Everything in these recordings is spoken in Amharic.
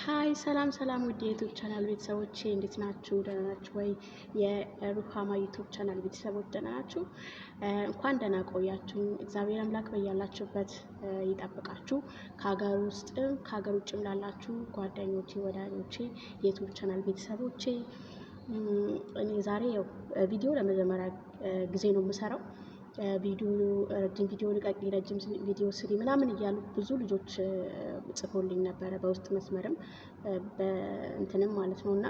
ሀይ ሰላም ሰላም፣ ውድ የዩቱብ ቻናል ቤተሰቦቼ እንዴት ናችሁ? ደህና ናችሁ ወይ? የሩሃማ ዩቱብ ቻናል ቤተሰቦች ደህና ናችሁ? እንኳን ደህና ቆያችሁ። እግዚአብሔር አምላክ በያላችሁበት ይጠብቃችሁ። ከሀገር ውስጥም ከሀገር ውጭም ላላችሁ ጓደኞቼ፣ ወዳጆቼ፣ የዩቱብ ቻናል ቤተሰቦቼ እኔ ዛሬ ያው ቪዲዮ ለመጀመሪያ ጊዜ ነው የምሰራው ቪዲዮ ረጅም ቪዲዮ ልቀቂ፣ ረጅም ቪዲዮ ስሪ ምናምን እያሉ ብዙ ልጆች ጽፎልኝ ነበረ በውስጥ መስመርም በእንትንም ማለት ነው። እና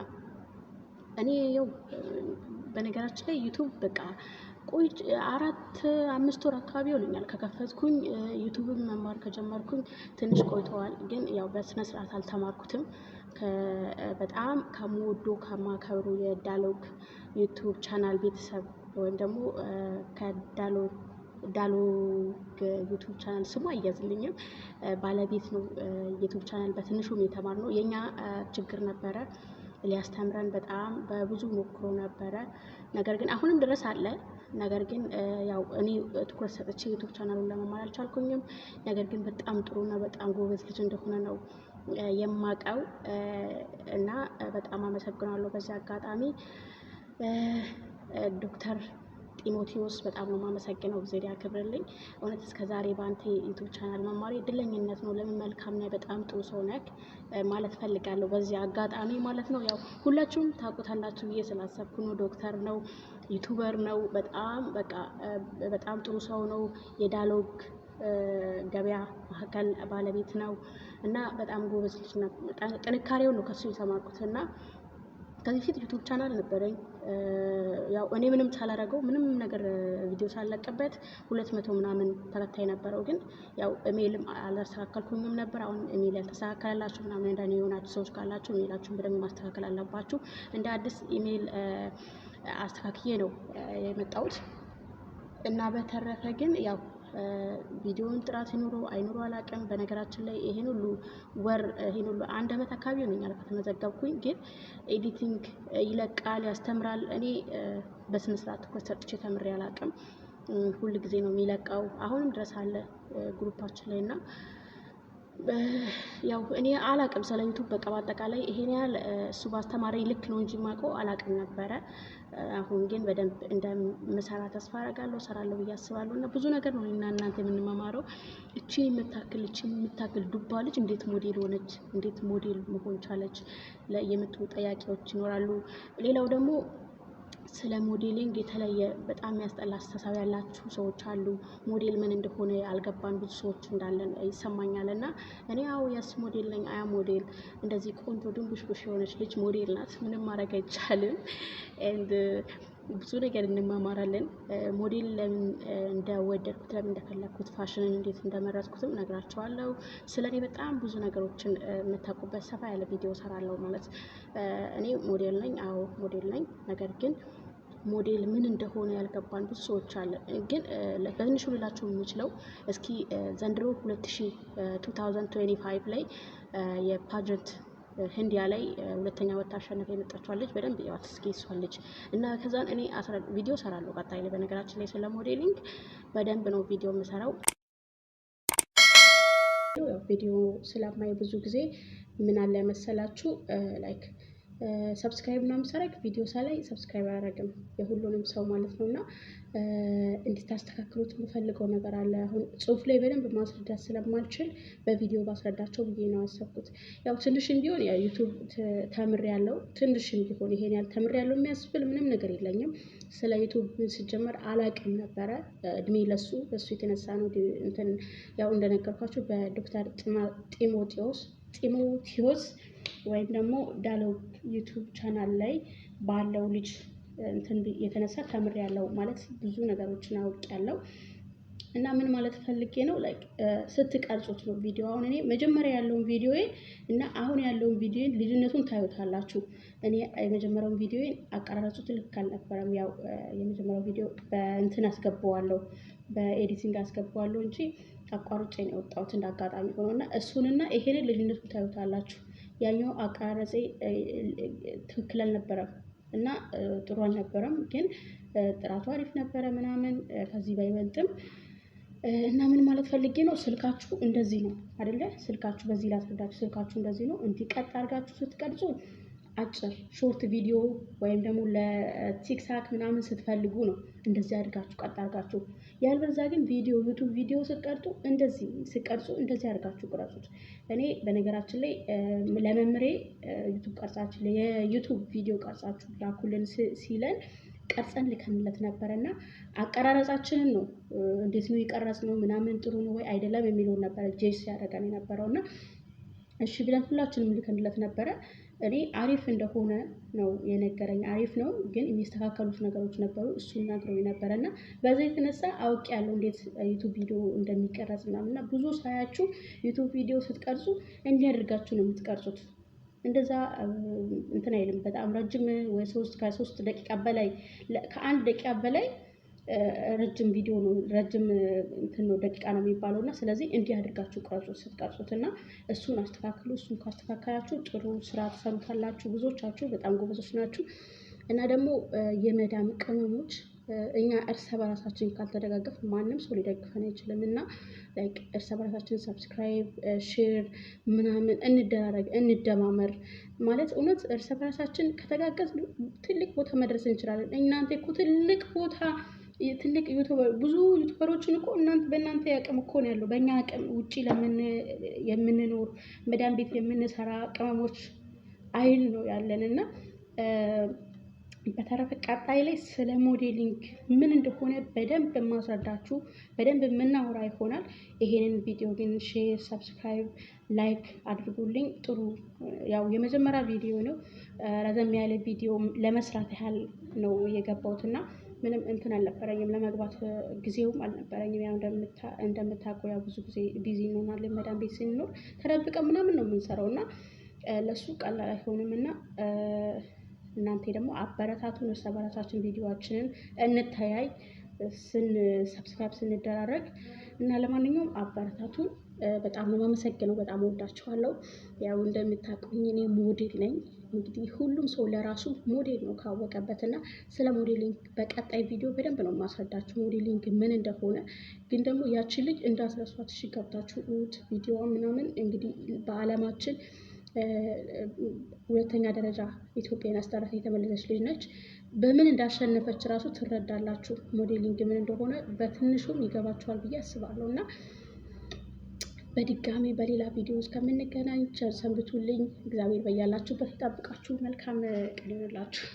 እኔ ያው በነገራችን ላይ ዩቱብ በቃ ቆይ አራት አምስት ወር አካባቢ ይሆነኛል ከከፈትኩኝ። ዩቱብን መማር ከጀመርኩኝ ትንሽ ቆይተዋል፣ ግን ያው በስነ ስርዓት አልተማርኩትም። በጣም ከምወዶ ከማከብሩ የዳሎግ ዩቱብ ቻናል ቤተሰብ ወይም ደግሞ ከዳሎ ዳሎ ዩቱብ ቻናል ስሙ አያዝልኝም ባለቤት ነው። ዩቱብ ቻናል በትንሹም ነው። የእኛ ችግር ነበረ። ሊያስተምረን በጣም በብዙ ሞክሮ ነበረ። ነገር ግን አሁንም ድረስ አለ። ነገር ግን ያው እኔ ትኩረት ሰጥቼ ዩቱብ ቻናሉን ለመማር አልቻልኩኝም። ነገር ግን በጣም ጥሩና በጣም ጎበዝ ልጅ እንደሆነ ነው የማቀው እና በጣም አመሰግናለሁ በዚህ አጋጣሚ ዶክተር ጢሞቴዎስ በጣም ነው የማመሰግነው። እግዚአብሔር ያክብርልኝ። እውነት እስከ ዛሬ በአንተ ዩቱብ ቻናል መማሪ እድለኝነት ነው። ለምን መልካም ነህ፣ በጣም ጥሩ ሰው ነህ ማለት ፈልጋለሁ በዚህ አጋጣሚ ማለት ነው። ያው ሁላችሁም ታውቁታላችሁ ብዬ ስላሰብኩ ነው። ዶክተር ነው፣ ዩቱበር ነው። በጣም በቃ በጣም ጥሩ ሰው ነው። የዳሎግ ገበያ ማዕከል ባለቤት ነው እና በጣም ጎበዝ ልጅ ነው። ጥንካሬውን ነው ከሱ የተማርኩት እና ከዚህ ፊት ዩቱብ ቻናል ነበረኝ። ያው እኔ ምንም ሳላረገው ምንም ነገር ቪዲዮ ሳለቅበት ሁለት መቶ ምናምን ተከታይ ነበረው። ግን ያው ኢሜይልም አላስተካከልኩኝም ነበር። አሁን ኢሜይል ያልተስተካከላላችሁ ምናምን እንደኔ የሆናችሁ ሰዎች ካላችሁ ኢሜይላችሁን በደንብ ማስተካከል አለባችሁ። እንደ አዲስ ኢሜይል አስተካክዬ ነው የመጣሁት እና በተረፈ ግን ያው ቪዲዮውን ጥራት ይኑሮ አይኑሮ አላውቅም። በነገራችን ላይ ይሄን ሁሉ ወር ይሄን ሁሉ አንድ አመት አካባቢ ሆነኛል ከተመዘገብኩኝ። ግን ኤዲቲንግ ይለቃል፣ ያስተምራል። እኔ በስነ ስርዓት ትኩረት ሰጥቼ ተምሬ አላውቅም። ሁል ጊዜ ነው የሚለቃው፣ አሁንም ድረስ አለ ግሩፓችን ላይ እና ያው እኔ አላቅም ስለ ዩቱብ በቃ በአጠቃላይ ይሄን ያህል እሱ ባስተማሪ ልክ ነው እንጂ የማውቀው አላቅም ነበረ። አሁን ግን በደንብ እንደምሰራ ተስፋ አረጋለሁ፣ ሰራለሁ ብዬ አስባለሁ። እና ብዙ ነገር ነው እና እናንተ የምንመማረው እቺ የምታክል እቺ የምታክል ዱባ ልጅ እንዴት ሞዴል ሆነች? እንዴት ሞዴል መሆን ቻለች? የምትሉ ጠያቄዎች ይኖራሉ። ሌላው ደግሞ ስለ ሞዴሊንግ የተለየ በጣም ያስጠላ አስተሳሰብ ያላችሁ ሰዎች አሉ። ሞዴል ምን እንደሆነ ያልገባን ብዙ ሰዎች እንዳለን ይሰማኛል። እና እኔ አዎ የስ ሞዴል ነኝ አያ ሞዴል እንደዚህ ቆንጆ ድንቡሽቡሽ የሆነች ልጅ ሞዴል ናት። ምንም ማድረግ አይቻልም። ኤንድ ብዙ ነገር እንማማራለን። ሞዴል ለምን እንደወደድኩት ለምን እንደፈለግኩት ፋሽንን እንዴት እንደመረጥኩትም እነግራቸዋለሁ። ስለ እኔ በጣም ብዙ ነገሮችን የምታውቁበት ሰፋ ያለ ቪዲዮ ሰራለሁ። ማለት እኔ ሞዴል ነኝ። አዎ ሞዴል ነኝ። ነገር ግን ሞዴል ምን እንደሆነ ያልገባን ብዙ ሰዎች አለ። ግን በትንሹ ልላችሁ የምችለው እስኪ ዘንድሮ 2025 ላይ የፓጀንት ህንዲያ ላይ ሁለተኛ ወታ አሸንፈ የመጣችኋን ልጅ በደንብ ያዋት እስኪ እሷን ልጅ እና ከዛን እኔ ቪዲዮ ሰራለሁ ቀጣይ ላይ። በነገራችን ላይ ስለ ሞዴሊንግ በደንብ ነው ቪዲዮ የምሰራው። ቪዲዮ ስለማይ ብዙ ጊዜ ምን አለ መሰላችሁ ላይክ ሰብስክራይብ ምናምን ሳረግ ቪዲዮ ሳላይ ሰብስክራይብ አያረግም የሁሉንም ሰው ማለት ነው። እና እንድታስተካክሉት የምፈልገው ነገር አለ። አሁን ጽሁፍ ላይ በደንብ ማስረዳት ስለማልችል በቪዲዮ ባስረዳቸው ብዬ ነው ያሰብኩት። ያው ትንሽም ቢሆን ዩቱብ ተምር ያለው ትንሽም ቢሆን ይሄን ያህል ተምር ያለው የሚያስብል ምንም ነገር የለኝም። ስለ ዩቱብ ስጀመር አላቅም ነበረ። እድሜ ለሱ በሱ የተነሳ ነው። እንትን ያው እንደነገርኳችሁ በዶክተር ጢሞቴዎስ ጢሞቴዎስ ወይም ደግሞ ዳለው ዩቱብ ቻናል ላይ ባለው ልጅ እንትን የተነሳ ተምር ያለው ማለት ብዙ ነገሮችን አውቅ ያለው እና ምን ማለት ፈልጌ ነው ስትቀርጹት ነው ቪዲዮ። አሁን እኔ መጀመሪያ ያለውን ቪዲዮ እና አሁን ያለውን ቪዲዮ ልዩነቱን ታዩታላችሁ። እኔ የመጀመሪያውን ቪዲዮን አቀራረጹት ልክ አልነበረም። ያው የመጀመሪያው ቪዲዮ በእንትን አስገባዋለሁ፣ በኤዲቲንግ አስገባዋለሁ እንጂ አቋርጬ ነው የወጣሁት እንዳጋጣሚ ሆኖ እና እሱንና ይሄንን ልዩነቱን ታዩታላችሁ። ያኛው አቀራረጼ ትክክል አልነበረም እና ጥሩ አልነበረም፣ ግን ጥራቱ አሪፍ ነበረ ምናምን ከዚህ ባይበልጥም እና ምን ማለት ፈልጌ ነው፣ ስልካችሁ እንደዚህ ነው አይደለ? ስልካችሁ በዚህ ላስረዳችሁ። ስልካችሁ እንደዚህ ነው። እንዲቀጥ ቀጥ አድርጋችሁ ስትቀርጹ አጭር ሾርት ቪዲዮ ወይም ደግሞ ለቲክታክ ምናምን ስትፈልጉ ነው እንደዚህ አድርጋችሁ ቀጥ አድርጋችሁ። ያልበዛ ግን ቪዲዮ ዩቱብ ቪዲዮ ስትቀርጡ እንደዚህ ስቀርጹ እንደዚህ አድርጋችሁ ቅረጹት። እኔ በነገራችን ላይ ለመምሬ ዩቱብ ቀርጻችሁ የዩቱብ ቪዲዮ ቀርጻችሁ ላኩልን ሲለን ቀርጸን ልከንለት ነበረ እና አቀራረጻችንን ነው እንዴት ነው ይቀረጽ ነው ምናምን ጥሩ ነው ወይ አይደለም የሚለውን ነበረ ጄስ ያደረገን የነበረው እና እሺ ብለን ሁላችንም ልከንለት ነበረ። እኔ አሪፍ እንደሆነ ነው የነገረኝ። አሪፍ ነው ግን የሚስተካከሉት ነገሮች ነበሩ፣ እሱን ነግሮኝ ነበረ እና በዛ የተነሳ አውቅ ያለው እንዴት ዩቱብ ቪዲዮ እንደሚቀረጽ ምናምን እና ብዙ ሳያችሁ ዩቱብ ቪዲዮ ስትቀርጹ እንዲህ አድርጋችሁ ነው የምትቀርጹት። እንደዛ እንትን አይልም። በጣም ረጅም ወይ ሶስት ከሶስት ደቂቃ በላይ ከአንድ ደቂቃ በላይ ረጅም ቪዲዮ ነው ረጅም እንትን ነው ደቂቃ ነው የሚባለው እና ስለዚህ እንዲህ አድርጋችሁ ቅረጹት። ስትቀርጹት እና እሱን አስተካክሉ። እሱን ካስተካከላችሁ ጥሩ ስራ ትሰሩታላችሁ። ብዙዎቻችሁ በጣም ጎበዞች ናችሁ። እና ደግሞ የመዳም ቅመሞች እኛ እርስ በራሳችን ካልተደጋገፍ ማንም ሰው ሊደግፈን አይችልም። እና ላይክ እርስ በራሳችን ሰብስክራይብ፣ ሼር ምናምን እንደራረግ፣ እንደማመር ማለት እውነት እርስ በራሳችን ከተጋገዝ ትልቅ ቦታ መድረስ እንችላለን። እናንተ እኮ ትልቅ ቦታ ትልቅ ዩቱበር ብዙ ዩቱበሮችን እኮ እናንተ በእናንተ አቅም እኮ ነው ያለው። በእኛ አቅም ውጪ የምንኖር መዳን ቤት የምንሰራ ቅመሞች አይል ነው ያለን እና በተረፈ ቀጣይ ላይ ስለ ሞዴሊንግ ምን እንደሆነ በደንብ የማስረዳችሁ በደንብ የምናወራ ይሆናል። ይሄንን ቪዲዮ ግን ሼር፣ ሰብስክራይብ፣ ላይክ አድርጉልኝ። ጥሩ ያው የመጀመሪያ ቪዲዮ ነው፣ ረዘም ያለ ቪዲዮ ለመስራት ያህል ነው የገባሁት እና ምንም እንትን አልነበረኝም፣ ለመግባት ጊዜውም አልነበረኝም። ያው እንደምታውቁ ያው ብዙ ጊዜ ቢዚ እንሆናለን መዳን ቤት ስንኖር ተደብቀን ምናምን ነው የምንሰራው እና ለሱ ቀላል አይሆንም እና እናንተ ደግሞ አበረታቱን። እርስ በርሳችን ቪዲዮችንን እንተያይ ስን ሰብስክራይብ ስንደራረግ እና ለማንኛውም አበረታቱን። በጣም ነው የማመሰግነው። በጣም ወዳችኋለሁ። ያው እንደምታውቁኝ እኔ ሞዴል ነኝ። እንግዲህ ሁሉም ሰው ለራሱ ሞዴል ነው ካወቀበት እና ስለ ሞዴሊንግ በቀጣይ ቪዲዮ በደንብ ነው የማስረዳችሁ ሞዴሊንግ ምን እንደሆነ። ግን ደግሞ ያችን ልጅ እንዳትረሷት እሺ፣ ገብታችሁ እዩት ቪዲዮ ምናምን። እንግዲህ በአለማችን ሁለተኛ ደረጃ ኢትዮጵያን አስጠራት የተመለሰች ልጅ ነች። በምን እንዳሸነፈች ራሱ ትረዳላችሁ ሞዴሊንግ ምን እንደሆነ በትንሹም ይገባችኋል ብዬ አስባለሁ እና በድጋሚ በሌላ ቪዲዮ እስከምንገናኝ ሰንብቱልኝ። እግዚአብሔር በያላችሁበት ይጠብቃችሁ። መልካም ቀን ይሁንላችሁ።